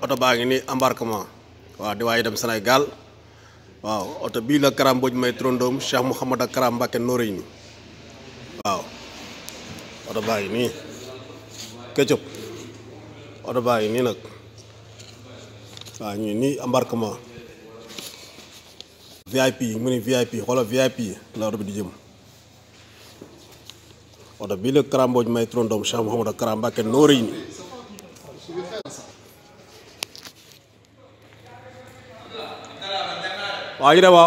oto baa ngi nii embarquement waaw di waaye dem Sénégal waaw oto bii la Kara Mbodj may trondoom Cheikh Mouhamad ak Kara Mbacké Noreyni waaw oto baa ngi nii Ketchup bi di jëm bii la Kara Mbodj may trondoom Cheikh Mouhamad waa dama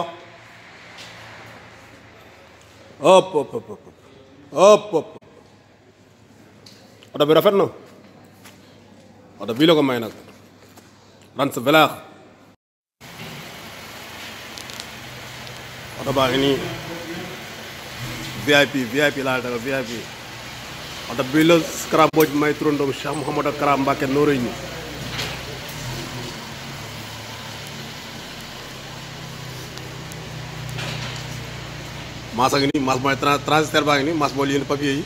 hop hop hop hop bi rafet na oto bii la ko may nag rans velaax oto baa ngi nii VIP VIP laa la VIP oto bii la Kara Mbodj may turandoom Cheikh Mouhamadou Kara Mbacké Noreyni maas a ngi nii maas mooy transitaire baa ngi nii maas moo liggéey papier yi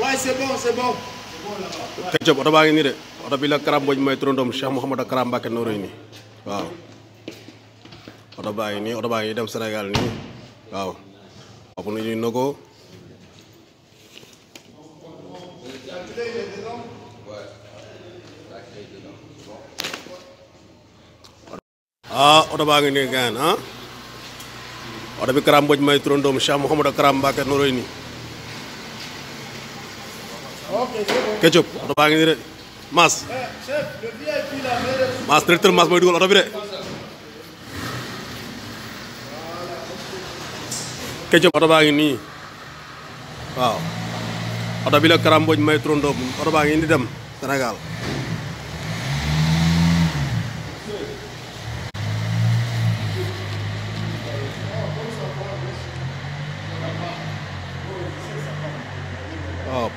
waaye c'est oto baa ngi nii de oto bi la Karam Mbodj mooy turandoom Cheikh Mouhamadou Karam Mbacke Norey nii waaw oto baa ngi nii oto baa ngi dem Sénégal nii waaw. Boobu nañuy nogoo ah oto ngi nii gaan ah oto bi may turandoom Cheikh Mouhamadou Kara Mbacké nooroy nii Ketchup ngi nii de Mass Mass directeur Mass mooy dugal oto de Ketchup oto baa ngi nii waaw oto bi la may trondoom oto baa ngi ni dem Sénégal waaw